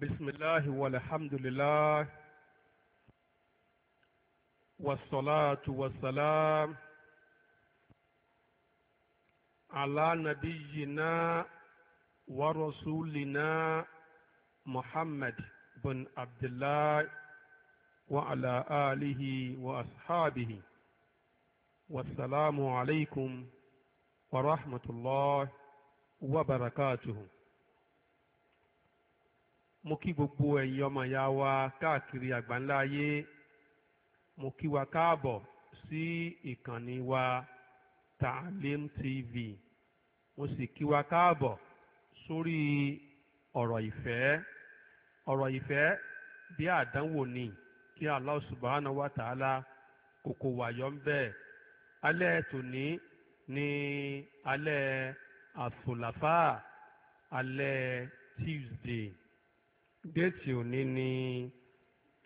بسم الله والحمد لله والصلاة والسلام على نبينا ورسولنا محمد بن عبد الله وعلى آله وأصحابه والسلام عليكم ورحمة الله وبركاته mo kí gbogbo ẹ̀yin ọmọ ìyá wa káàkiri àgbáńlá ayé mo kí wa káàbọ̀ sí ìkànnì wa Taalim TV mo sì kí wa káàbọ̀ sórí ọ̀rọ̀ ìfẹ́ ọ̀rọ̀ ìfẹ́ bí àdánwò ni kí wa kòkò ní alẹ́ àfòlàfà alẹ́ déètì òní ní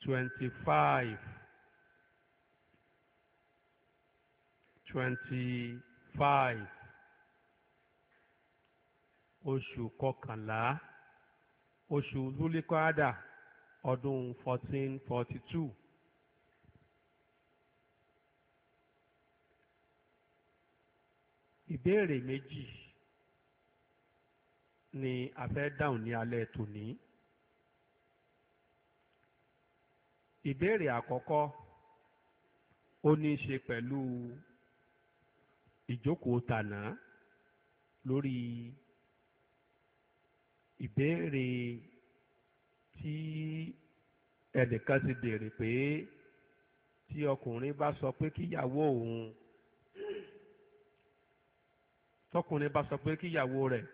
twenty five twenty five oṣù kọkànlá oṣù lulikada ọdún fourteen forty two. ìbéèrè méjì ni a fẹ́ dáhùn ní alẹ́ tòní. ìbéèrè àkọ́kọ́ ó ní í ṣe pẹ̀lú ìjókòó tànà lórí ìbéèrè tí ẹnìkan ti béèrè pé tí ọkùnrin bá sọ pé kíyàwó òun tọkùnrin bá sọ pé kíyàwó rẹ̀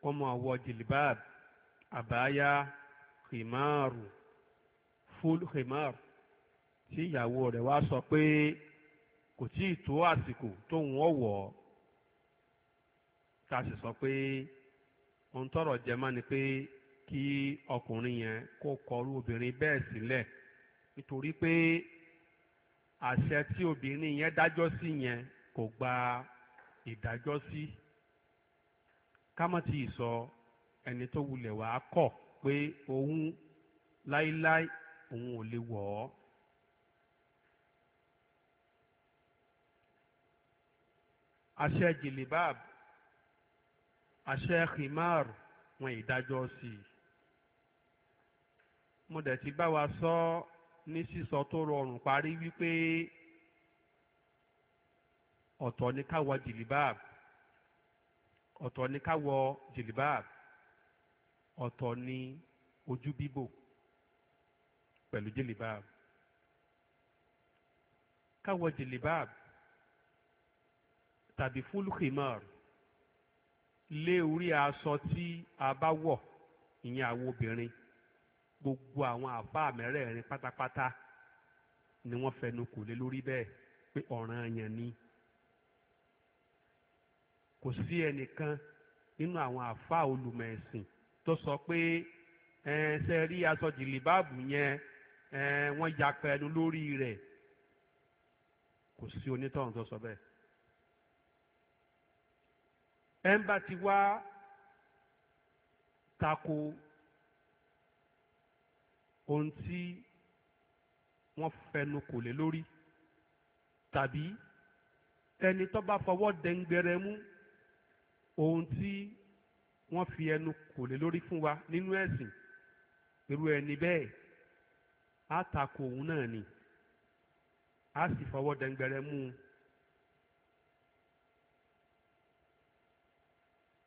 kó máa jìlìbáàbù àbáyá kìmáàrù ful khimar tí ìyàwó rẹ̀ wá sọ pé kò tí ì tó àsìkò tóun ọ̀wọ̀ tá a sì sọ pé ohun tọrọ jẹ mọ́ ni pé kí ọkùnrin yẹn kó kọrú obìnrin bẹ́ẹ̀ sílẹ̀ nítorí pé àṣẹ tí obìnrin yẹn dájọ́ sí yẹn kò gba ìdájọ́ sí kámọ́tì sọ ẹni tó wulẹ̀ wá kọ̀ pé òun láíláí òun ò lè wọ̀ ọ́. àṣẹ jìlìbáàb àṣẹ khimar wọn ìdájọ́ sí i. mo dẹ̀ ti bá wa sọ ní sísọ tó rọrùn parí wípé ọ̀tọ̀ ni ká wọ jìlìbáàb ọ̀tọ̀ ni ká jìlìbáàb ọ̀tọ̀ ni ojú bíbò pẹ̀lú jìlìbáàbù ká wọ jìlìbáàbù tàbí fúlùkìmọ́ọ̀rù lé orí aṣọ tí a bá wọ̀ ìyẹn àwọn obìnrin gbogbo àwọn àfáà mẹ́rẹ̀ẹ̀rin pátápátá ni wọ́n fẹnu kò lé lórí bẹ́ẹ̀ pé ọ̀ranyàn ni kò sí ẹnìkan nínú àwọn àfáà olùmọ̀ ẹ̀sìn tó sọ pé ẹ̀ ṣe rí aṣọ jìlìbáàbù yẹn wọ́n ya pẹ̀lú lórí rẹ̀ kò sí onítọ̀hún tó sọ bẹ́ẹ̀. ẹ̀ńbà ti wá tako ohun tí wọ́n fẹnu kò lé lórí tàbí ẹni tó bá fọwọ́ dẹ́ngbẹrẹ mú ohun tí wọ́n fi ẹnu kò lé lórí fún wa nínú ẹ̀sìn irú ẹni bẹ́ẹ̀ á takò òun náà ni á sì fọwọ́ dẹngbẹrẹ mú un.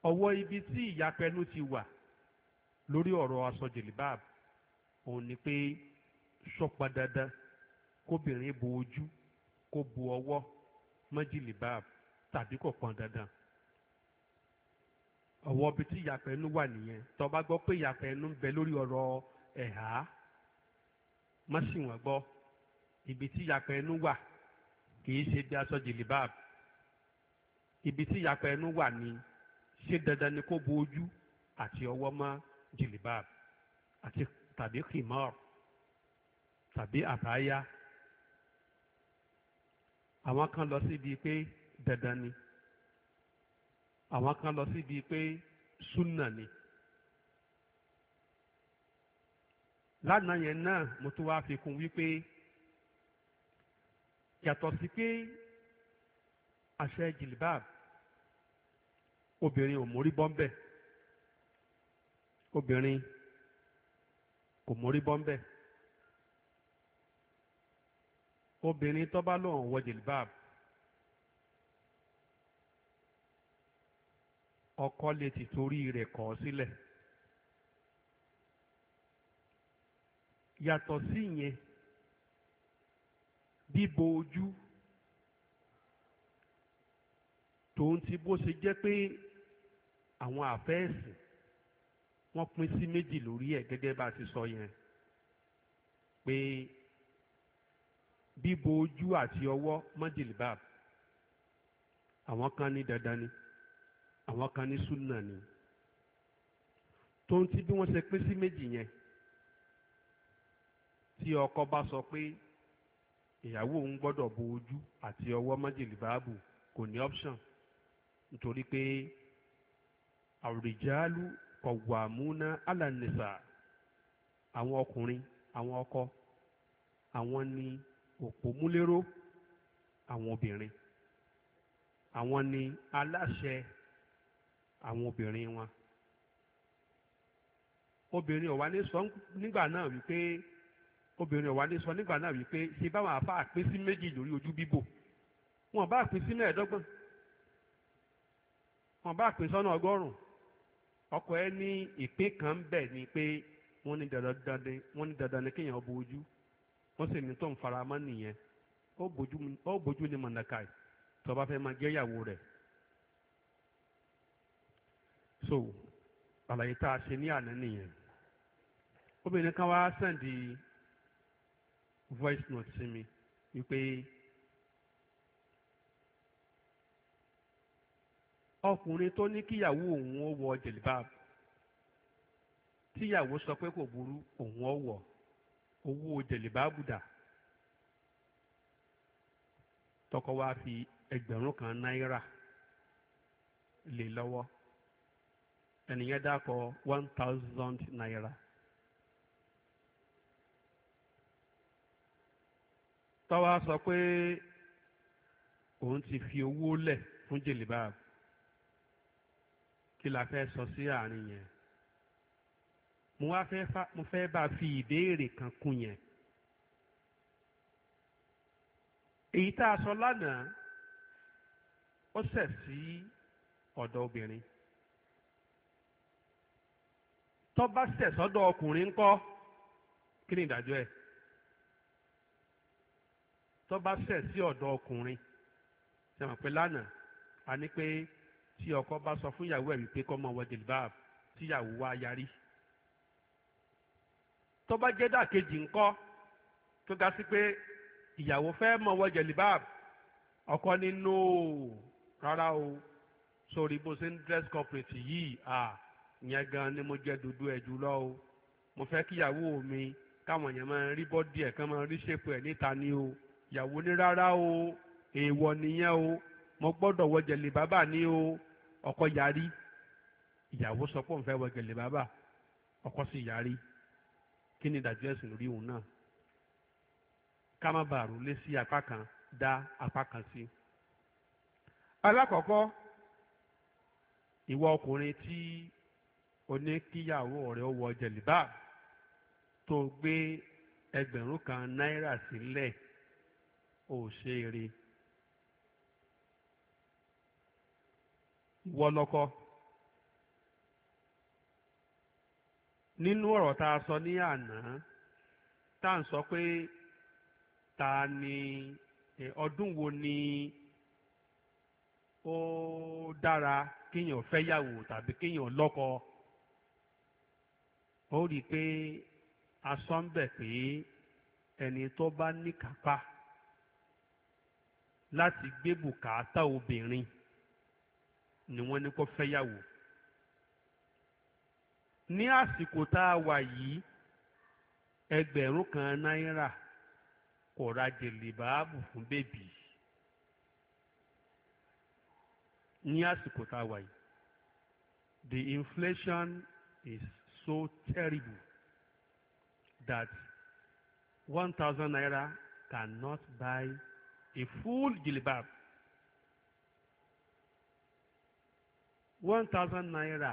ọwọ́ ibi tí ìyapẹnu ti wà lórí ọ̀rọ̀ aṣọ jìlìbáàb òun ni pé sọ́pa dandan kóbìnrin bo ojú kó bo ọwọ́ mọ́ tàbí kò pọn dandan ọwọ́ ibi tí ìyapẹnu wà nìyẹn tó gbọ́ pé ìyapẹnu ń bẹ lórí ọ̀rọ̀ ẹ̀há. E má sì wọ́n gbọ́ ibi tí yàpẹ̀ ẹnu wà kì í ṣe bí aṣọ jìlìbáàb ibi tí yàpẹ̀ ẹnu wà ni ṣé dandan ni kó bo ojú àti ọwọ́ mọ́ jìlìbáàb àti tàbí kìmọ́ọ̀ tàbí àbáyá àwọn kan lọ síbi pé dandan ni àwọn kan lọ síbi pé súnà ni. lánàá yẹn náà mo tún wá fi kún wípé yàtọ̀ sí pé àṣẹ jìlìbáàbù obìnrin ò mórí bọ́ńbẹ́ obìnrin kò mórí bọ́ńbẹ́ obìnrin tó bá lóun wọ jìlìbáàbù ọkọ lè ti torí rẹ̀ kọ̀ sílẹ̀. Si yàtọ̀ sí yẹn bíbo ojú tòun ti bó ṣe jẹ́ pé àwọn àfẹ́ẹ̀sì wọ́n pín sí méjì lórí ẹ̀ gẹ́gẹ́ bá a ti sọ yẹn pé bíbo ojú àti ọwọ́ mọ́jìlìbáb àwọn kan ní dandan ni àwọn kan ní súnà ni tòun ti bí wọ́n ṣe pín sí méjì yẹn tí ọkọ bá sọ pé ìyàwó òun gbọ́dọ̀ bo ojú àti ọwọ́ májèlé báàbù kò ní option nítorí pé àrùjálù kọ̀wàmúná alànìsà àwọn ọkùnrin àwọn ọkọ àwọn ni òpómúléró àwọn obìnrin àwọn ni aláṣẹ àwọn obìnrin wọn obìnrin ọ̀wá ní sọ nígbà náà wípé. obìnrin ọ̀wá ní sọ nígbà náà wípé ṣe báwọn àbá àpín sí méjì lórí ojú bíbò wọn bá àpín sí mẹ́ẹ̀ẹ́dọ́gbọ̀n wọn bá àpín sọ́nà ọgọ́rùn-ún ọkọ̀ ẹ ní ìpín kan bẹ̀ ni pé wọ́n ní dandan wọ́n ní dandan ni kéèyàn bo ojú wọ́n sì ní tó ń fara mọ́ nìyẹn ó bójú mọ̀nàkàì bá fẹ́ máa rẹ̀ so àlàyé tá a voice note sí mi wípé ọkùnrin tó ní kíyàwó òun ó wọ jìlìbáàb tíyàwó sọ pé kò burú òun ó wọ owó jìlìbáàbù dà tọkọ wa fi ẹgbẹ̀rún kan náírà lé lọ́wọ́ ẹnìyẹn dákọ one thousand naira tọ́wá sọ pé òun ti fi owó lẹ̀ fún jìlìbáàbù kí la fẹ́ sọ sí àárín yẹn mo wá fẹ́ fa mo fẹ́ bá fi ìbéèrè kan kún yẹn èyí tá a sọ lánàá ó ṣẹ̀ sí ọ̀dọ̀ obìnrin tó bá ṣẹ̀ sọ́dọ̀ ọkùnrin ńkọ́ kí ni ìdájọ́ ẹ̀ tó bá ṣẹ̀ sí ọ̀dọ̀ ọkùnrin ṣe mọ̀ pé lánàá a ní pé tí ọkọ bá sọ fún ìyàwó ẹ̀ wípé kó má wọ jìlbáàb tíyàwó wa yarí tó bá jẹ́ dàkejì ńkọ́ tó ga sí pé ìyàwó fẹ́ má wọ jìlbáàb ọkọ ní nóò rárá o sórí bó ṣe ń dress corporate yìí à ìyẹn gan ni mo jẹ dúdú ẹ jùlọ o mo fẹ́ kíyàwó mi káwọn èèyàn máa rí bọ́dì ẹ̀ kán máa rí ṣépò ẹ̀ níta ni o ìyàwó ní rárá o èèwọ̀ nìyẹn o mo gbọ́dọ̀ wọ jẹ̀lì bàbá ni o ọkọ yarí ìyàwó sọ pé òun fẹ́ wọ jẹ̀lì bàbá ọkọ sì yarí kí ni ìdájọ́ ẹ̀sìn lórí òun náà ká má bàa rò lé sí apá kan dá apá kan sí. alákọ̀ọ́kọ́ ìwọ ọkùnrin tí o ní wọ jẹ̀lì bàbá tó gbé ẹgbẹ̀rún kan náírà sílẹ̀ o ṣe wọlọkọ nínú ọ̀rọ̀ tá a sọ ní àná tá sọ pé ta ni ọdún wo ni ó dára kéèyàn fẹ́yàwó tàbí kéèyàn lọ́kọ ó rí i pé asọ́ńbẹ̀ pé ẹni tó bá níkàápá. láti gbé bùkátà obìnrin ni wọ́n ní kó fẹ́yàwó ní àsìkò tá a wà yìí ẹgbẹ̀rún kan náírà kò ra jèlè báàbù fún bèbí ní àsìkò tá a wà yìí the inflation is so terrible that one thousand naira cannot buy a full jilbab one thousand naira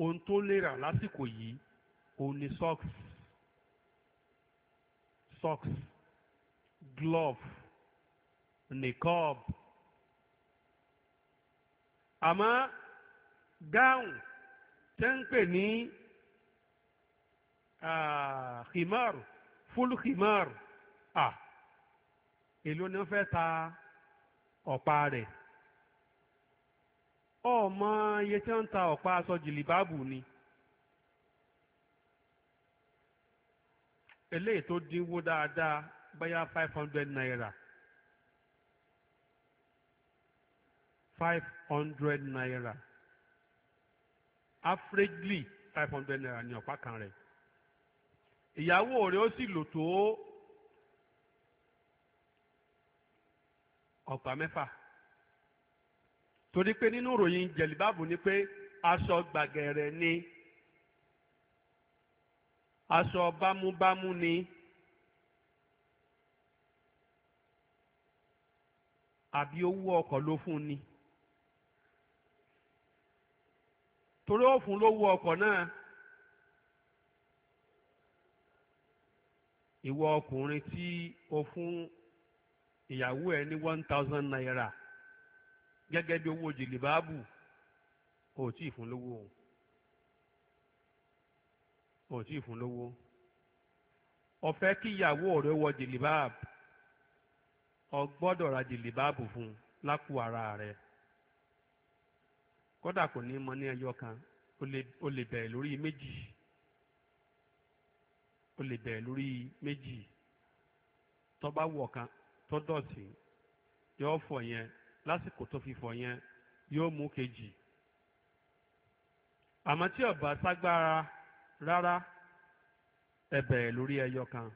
ohun tó lérà lásìkò yìí òun ni socks socks glove niqab àmọ́ gown, tẹ́ ń pè ní ah, khimar full khimar ah èló ni wọ́n fẹ́ ta ọ̀pá rẹ̀ ọmọ iye tí wọ́n ń ta ọ̀pá aṣọ jìlìbáàbù ni eléyìí tó dínwó dáadáa bóyá five hundred naira five hundred naira averagely five hundred naira ni ọ̀pá kan rẹ̀ ìyàwó rẹ̀ ó sì lò tó ọ̀pá mẹ́fà torí pé nínú ìròyìn jẹ̀líbáàbù ni pé aṣọ gbàgẹ̀rẹ̀ ni aṣọ bámúbámú ni àbí owó ọkọ̀ ló fún ni torí ó fún lówó ọkọ̀ náà ìwọ ọkùnrin tí o fún ìyàwó ẹ ní one thousand naira gẹ́gẹ́ bí owó jìlìbáàbù ò tí ì fún lówó ò tí ì fún lówó ó fẹ́ kí ìyàwó ọ̀rẹ́ wọ jìlìbáàbù ó gbọ́dọ̀ ra jìlìbáàbù fún lápò ara rẹ̀ kódà kò ní mọ ní ẹyọ kan ó lè bẹ̀rẹ̀ lórí méjì ó lè bẹ̀rẹ̀ lórí méjì tó wọ̀ kan tó dọ̀tí yóò fọ̀ yẹn lásìkò tó fi fọ̀ yẹn yóò mú kejì àmọ́ tí ọba ságbára rárá ẹ bẹ̀rẹ̀ lórí ẹyọ kan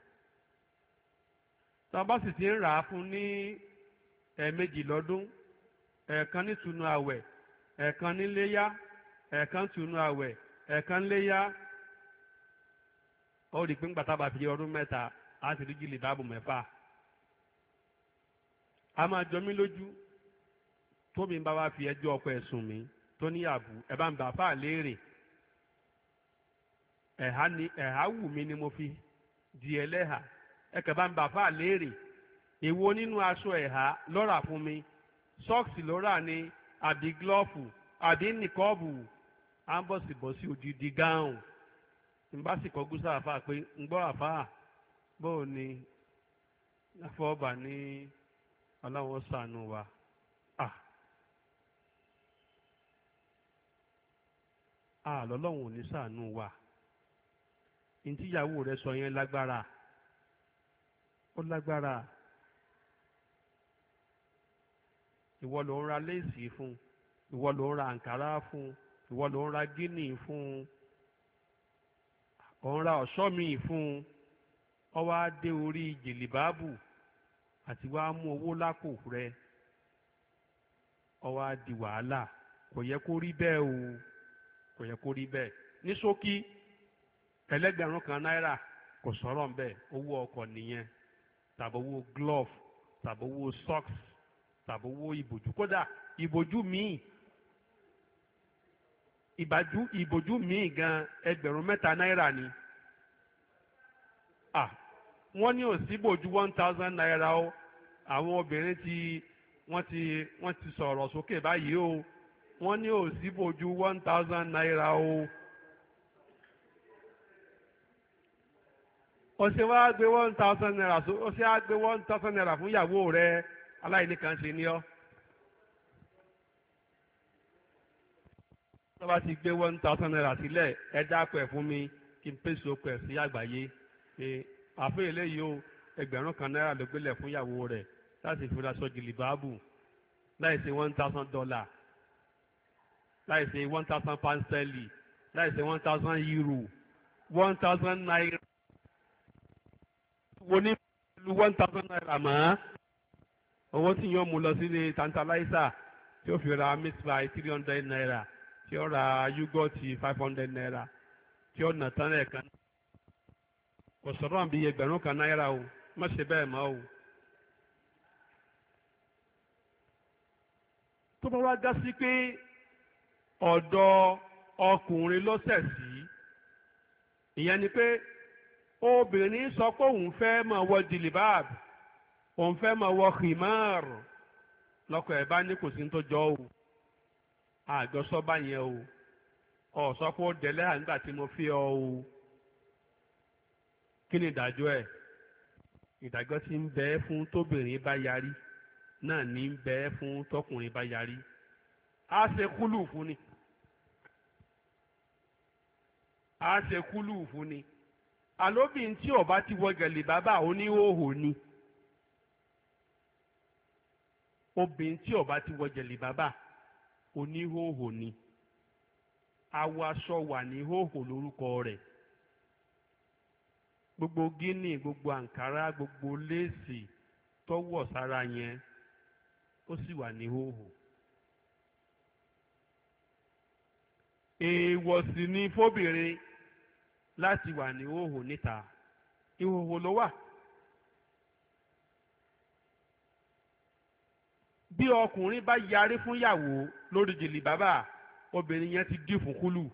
tá a bá sì ti ń rà á fún ní ẹ̀ẹ̀mejì lọ́dún ẹ̀ẹ̀kan ní tunu àwẹ̀ ẹ̀ẹ̀kan ní ẹ̀ẹ̀kan tunu àwẹ̀ ẹ̀ẹ̀kan léyá ó rí i pé ńgbà tá bá fi ọdún mẹ́ta á sì rí jìlì báàbù mẹ́fà. a máa jọ mí lójú tóbi ń bá wa fi ẹjọ́ ọkọ ẹ̀sùn mi tó ní àbù ẹ bá ń bà fà wù mí ni mo fi di ẹlẹ́hà ẹ bá ń bà fà léèrè èwo nínú aṣọ ẹ̀há lọ́ra fún mi sọ́ọ̀sì lọ́ra ni àbí gílọ́ọ̀fù àbí nìkọ́ọ̀bù ń bọ̀ sí bọ̀ sí sì kọ́ gúúsà ni ọlọ́wọ́ ṣàánú wa. àlọ́lọ́hún ò ní ṣàánú wa ntíyàwó rẹ sọ yẹn lágbára ó lágbára ìwọ ló ń ra léèsì fún ìwọ ló ń ra àǹkárá fún ìwọ ló ń ra gíní fún ò ń ra ọ̀ṣọ́ míì fún ọ wá dé orí jìlìbáàbù àti wá mú owó lápò rẹ ó wá di wàhálà kò yẹ kó rí bẹ́ẹ̀ o kò yẹ kó rí bẹ́ẹ̀ ní ṣókí ẹlẹ́gbẹ̀rún kan náírà kò sọ̀rọ̀ ń bẹ̀ owó ọkọ̀ nìyẹn tàbí owó glove tàbí owó socks tàbí owó ìbòjú kódà ìbòjú míì ìbàjú ìbòjú míì gan ẹgbẹ̀rún mẹ́ta náírà ni à wọ́n ní òsínbò ju one thousand naira o àwọn obìnrin ti wọ́n ti wọ́n ti sọ̀rọ̀ sókè báyìí o wọ́n ní òsínbò ju one thousand naira o. ọ̀sẹ̀ wa gbé one thousand naira ọ̀sẹ̀ wa gbé one thousand naira fún ìyàwó rẹ aláìní kan ṣe ni ọ́. tó bá ti gbé one thousand naira sílẹ̀ ẹ dákọ̀ ẹ̀ fún mi kí n pèsè okùn ẹ̀ sí àgbáyé àfẹ́ eléyìí o ẹgbẹ̀rún kan náírà ló gbélẹ̀ fún ìyàwó rẹ̀ láti fi ra sọ́jì lìbáàbù láì ṣe one thousand dollar láì ṣe one thousand pound sterling láì ṣe one thousand euro one thousand naira wo ní lu one thousand naira mọ́ owó tí yóò mú lọ sílé tantalizer tí ó fi ra mix by three hundred naira tí ó ra yúgọ̀tì five hundred naira tí ó nà tán lẹ́ẹ̀kan náà kò sọ̀rọ̀ àbí ẹgbẹ̀rún kan náírà o má ṣe bẹ́ẹ̀ mọ́ o. tó bá wá gá sí pé ọ̀dọ̀ ọkùnrin ló ṣẹ̀ sí ìyẹn ni pé obìnrin sọ pé òun fẹ́ máa wọ jìlìbáàb òun fẹ́ máa wọ khimar lọ́kọ̀ ẹ̀ bá ní kò sí ní tó o àjọsọ bá yẹn o ọ̀sọ́ pé ó dẹ̀lẹ́ àgbà tí mo fi ọ o kí ni ìdájọ́ ẹ̀ ìdájọ́ tí ń bẹ fún tóbìnrin bá yarí náà ní ń bẹ fún tọkùnrin bá yarí á ṣe kúlù fún ni á ṣe kúlù fún ni àlóbìn tí ó ti wọ gẹ̀lì bàbá oníhòòhò ni obìnrin tí ó ti wọ gẹ̀lì bàbá oníhòòhò ni awọ aṣọ wà ní hòòhò lórúkọ rẹ̀ gbogbo gíní gbogbo àǹkárá gbogbo léèsì tọ́wọ̀ sára yẹn ó sì wà ní hóhò. èèwọ̀ sì ni fóbìnrin láti wà ní hóhò níta ìhòhò ló wà. bí ọkùnrin bá yarí fún yàwó lórí jìlì bàbá obìnrin yẹn ti dì fún kúlù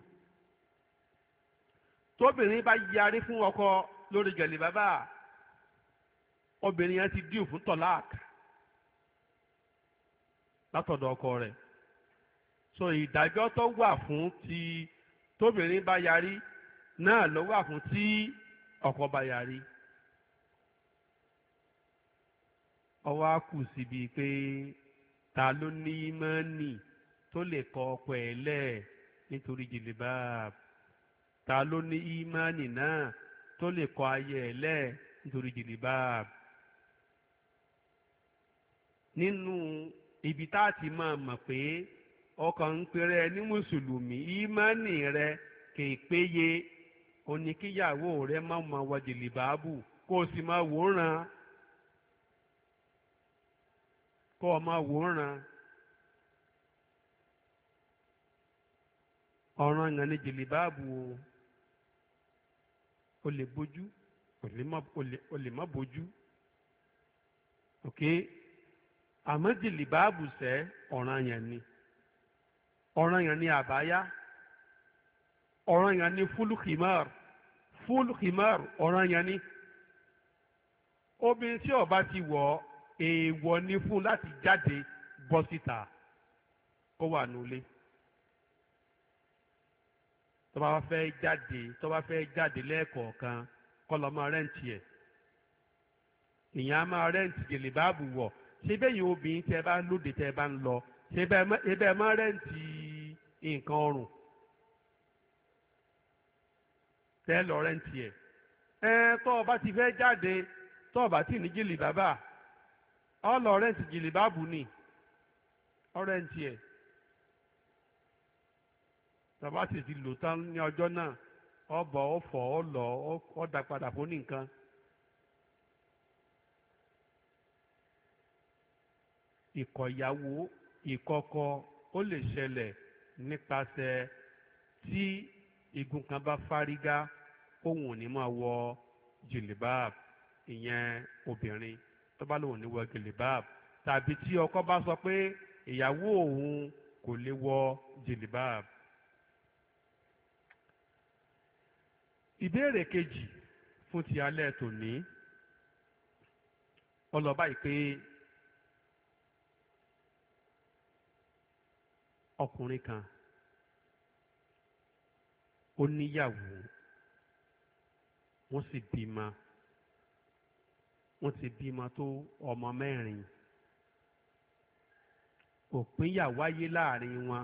tóbìnrin bá yarí fún ọkọ lórí gẹ̀lì bàbá obìnrin yẹn ti díù fún tọ́láàkì látọ̀dọ̀ ọkọ rẹ̀ so ìdájọ́ tó wà fún ti tóbìnrin bá yarí náà ló wà fún tí ọkọ bá yarí ọwọ́ á kù síbi pé ta ló ní mọ́nì tó lè kọ ọkọ ẹ̀ lẹ̀ nítorí jìlìbáàbù ta ló ní ímánì náà tó lè kọ ayé ẹ̀ lẹ́ẹ̀ nítorí jìlìbáàbù nínú ibi tá a ti máa mọ̀ pé ọkàn ń pèrè ní mùsùlùmí ìmánì rẹ kì í péye oníkíyàwó rẹ má máa wọ jìlìbáàbù kó o sì máa wòran kó o máa wòran ọ̀ràn ìyànnì jìlìbáàbù o. o lè bójú o lè má bójú ok àmọ́ jìlì báàbù sẹ́ ọ̀ràn yẹn ni ọ̀ràn yẹn ni àbáyá ọ̀ràn yẹn ni fúlùkìmọ́ọ̀rù fúlùkìmọ́ọ̀rù ọ̀ràn yẹn ni obìnrin tí ó ti wọ̀ èèwọ̀ ni fún láti jáde bọ́ síta kó wà nulẹ̀ tó bá fẹ́ jáde tó bá fẹ́ jáde lẹ́ẹ̀kọ̀ọ̀kan kọ́ lọ máa rẹ́ǹtì ẹ̀ ìyẹn á máa rẹ́ǹtì gèlè báàbù wọ̀ ṣé bẹ́yìn obìnrin tẹ́ bá lóde tẹ́ bá ń lọ ṣé bẹ́ẹ̀ máa rẹ́ǹtì nǹkan ọrùn tẹ́ lọ rẹ́ǹtì ẹ̀ ẹ tó ti fẹ́ jáde tó ti ní gèlè bàbà ọ lọ rẹ́ǹtì gèlè báàbù ni ọ rẹ́ǹtì ẹ̀ tọba sì ti lò tán ní ọjọ́ náà ọbọ̀ ó fọ̀ ó lọ ó dá padà fún nìkan. ìkọ̀yàwó ìkọ̀kọ̀ ó lè ṣẹlẹ̀ nípasẹ̀ tí igun kan bá fárígá òun ò ní máa wọ jìlìbáàb ìyẹn obìnrin tó bá lòun ní wọ jìlìbáàb tàbí tí ọkọ bá sọ pé ìyàwó òun kò lè wọ jìlìbáàb. ìbéèrè kejì fún ti alẹ́ tòní ọlọ́ba ìpè ọkùnrin kan ó níyàwó wọ́n sì bímọ wọ́n ti bímọ tó ọmọ mẹ́rin òpínyà wáyé láàrin wọn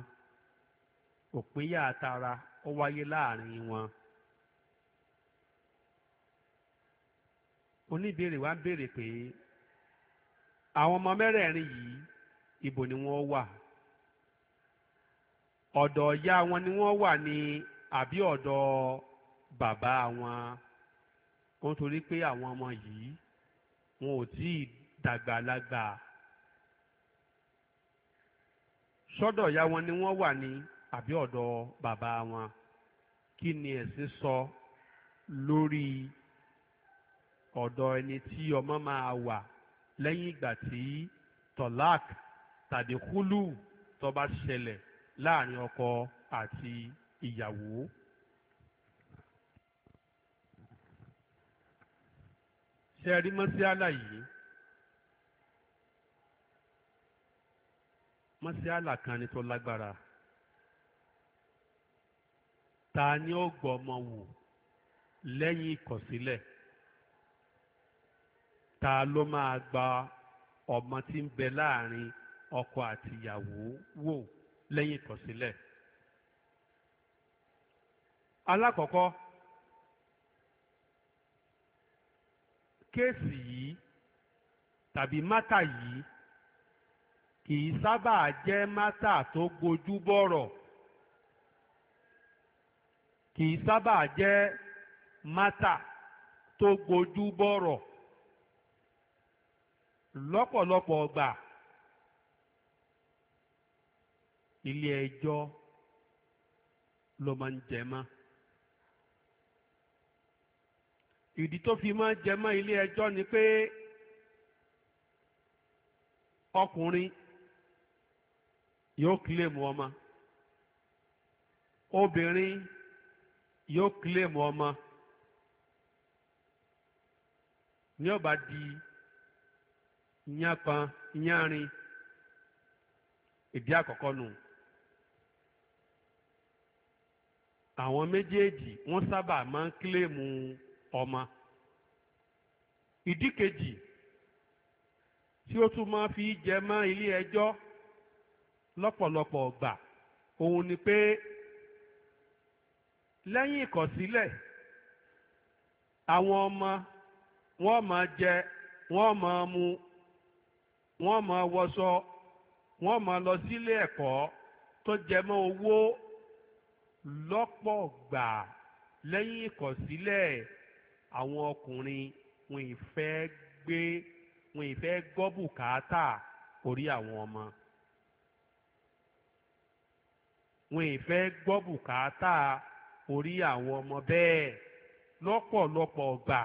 òpínyà tara ó wáyé láàrin wọn. oníbèrè wa ń béèrè pé àwọn ọmọ mẹ́rẹ̀ẹ̀rin yìí ibo ni wọ́n wà ọ̀dọ̀ ìyá wọn ni wọ́n wà ní àbí ọ̀dọ̀ bàbá wọn ó pé àwọn ọmọ yìí wọn ò tí ì dàgbà lágbà sọ́dọ̀ ìyá wọn ni wọ́n wà ní àbí ọ̀dọ̀ bàbá wọn kí ni ẹ̀sìn sọ lórí ọ̀dọ̀ ẹni tí ọmọ máa wà lẹ́yìn ìgbà tí tọ́lák tàbí húlù tó bá ṣẹlẹ̀ láàrin ọkọ àti ìyàwó. ṣe rí mọ́síálà yìí mọ́síálà kan ni tó lágbára ta ni ó gbọ́ wò lẹ́yìn ìkọ̀sílẹ̀ ta ló máa gba ọmọ tí ń bẹ láàrin ọkọ àti ìyàwó wò lẹ́yìn ìkọ̀sílẹ̀. alákọ̀ọ́kọ́ kéèsì yìí tàbí mátà yìí kì í sábà jẹ́ mátà tó gbojú bọ̀rọ̀ kì í sábà jẹ́ mátà tó gbojú bọ̀rọ̀ lọ́pọ̀lọpọ̀ ọgbà ilé ẹjọ́ ló máa ń jẹ mọ́ ìdí tó fi máa ń jẹ mọ́ ilé ẹjọ́ ni pé ọkùnrin yóò kílèmù ọmọ obìnrin yóò kílèmù ọmọ ní ọba di ìyán kan ìyán rin nu, àkọ́kọ́ nù. àwọn méjèèjì wọ́n sábà máa ń kílèmù ọmọ. ìdí kejì tí ó tún máa fi jẹ mọ́ ilé ẹjọ́ lọ́pọ̀lọpọ̀ ọgbà òun ni pé lẹ́yìn ìkọ̀sílẹ̀ àwọn ọmọ wọ́n máa jẹ wọ́n máa mu wọ́n máa wọṣọ wọ́n máa lọ sílé ẹ̀kọ́ tó jẹ mọ́ owó lọ́pọ̀ gbà lẹ́yìn ìkọ̀sílẹ̀ àwọn ọkùnrin wọn ì fẹ́ gbé wọn ì fẹ́ gbọ́ bùkátà orí àwọn ọmọ wọn ì gbọ́ bùkátà orí àwọn ọmọ bẹ́ẹ̀ lọ́pọ̀lọpọ̀ gbà.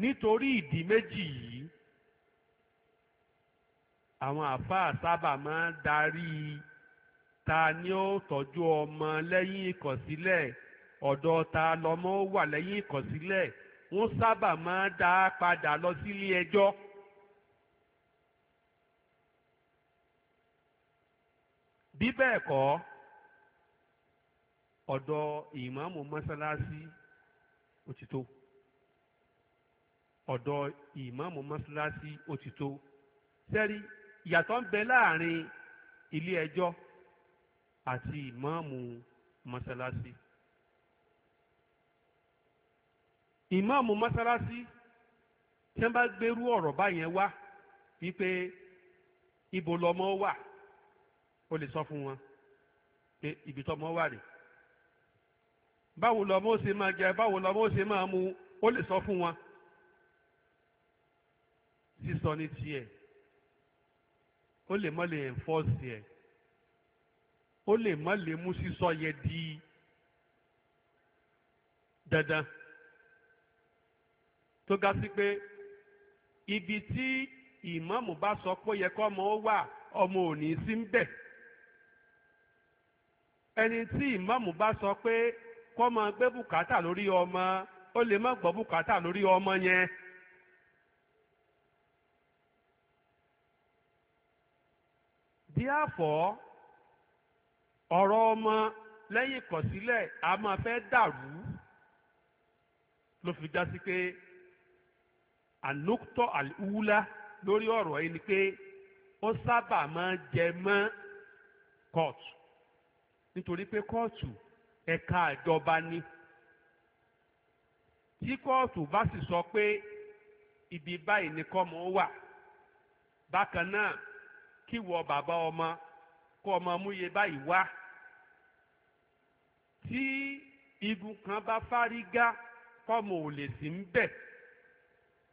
nítorí ìdí méjì yìí àwọn àfáà sábà máa ń darí ta ni ó tọ́jú ọmọ lẹ́yìn ìkọ̀sílẹ̀ ọ̀dọ̀ ta lọ́mọ ó wà lẹ́yìn ìkọ̀sílẹ̀ wọ́n sábà máa ń dá padà lọ sílé ẹjọ́. bí bẹ́ẹ̀ kọ́ ọ̀dọ̀ ìmáàmù mọ́sálásí ó ti tó ọ̀dọ̀ ìmáàmù mọ́ṣáláṣí ó ti tó sẹ́rí ìyàtọ̀ ń bẹ láàrin ilé ẹjọ́ àti ìmáàmù mọ́ṣáláṣí. ìmáàmù mọ́ṣáláṣí tí wọ́n bá gbérú ọ̀rọ̀ báyẹn wá wípé ibo lọmọ wà ó lè sọ fún wọn pé ibi tọmọ wà rèé báwo lọmọ ó ṣe máa jẹ báwo lọmọ ó ṣe máa mu ó lè sọ fún wọn sísọ ní tiẹ̀ ó o má lè ẹ̀fọ́ọ̀sì ẹ̀ ó lè má lè mú sísọ yẹ di dandan to ga si pe ibi ti ìmáàmù bá sọ pe o yẹ kọ́ ọmọ o wa ọmọ ò ní sí ń bẹ̀ ẹni tí ìmáàmù bá sọ pé kọ́ máa gbé bùkátà lórí ọmọ ó lè má gbọ́ bùkátà lórí ọmọ yẹn. Therefore, ọ̀rọ̀ ọmọ lẹ́yìn ìkọ̀sílẹ̀ a máa fẹ́ dàrú ló fi já sí pé ànúkútọ̀ àlùwúlá lórí ọ̀rọ̀ yìí ni pé ó sábà máa jẹ mọ́ kóòtù nítorí pé kóòtù ẹ̀ka ìjọba ni tí kóòtù bá sì sọ pé ibi báyìí ni kọ́mọ kí wọ bàbá ọmọ kó ọmọ múye báyìí wá tí igun kan bá fárígá kọ́mọ ò lè sí ń bẹ̀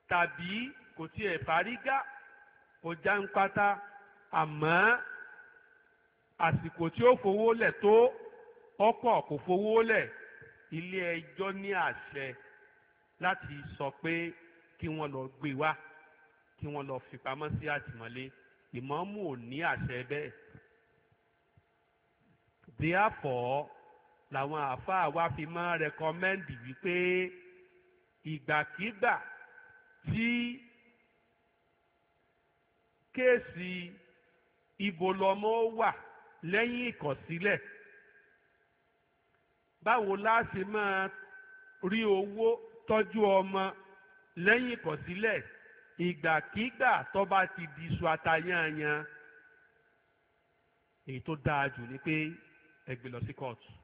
tàbí kò tiẹ̀ fárígá kò já ń pátá àmọ́ àsìkò tí ó fowó lẹ̀ tó ọkọ̀ kò fowó lẹ̀ ilé ẹjọ́ ní àṣẹ láti sọ pé kí wọ́n lọ gbé wá kí wọ́n lọ fipamọ́ sí àtìmọ́lé ìmáàmù ò ní àṣẹ bẹ́ẹ̀ therefore làwọn àáfàá wa fi máa rẹkọmẹ́ndì wípé ìgbàkígbà tí kéèsì ibo lọmọ wà lẹ́yìn ìkọ̀sílẹ̀ báwo láti máa rí owó tọ́jú ọmọ lẹ́yìn ìkọ̀sílẹ̀ ìgbàkígbà tó bá ti di iṣu atayanyan èyí tó dáa jù ni pé ẹ lọ sí kóòtù.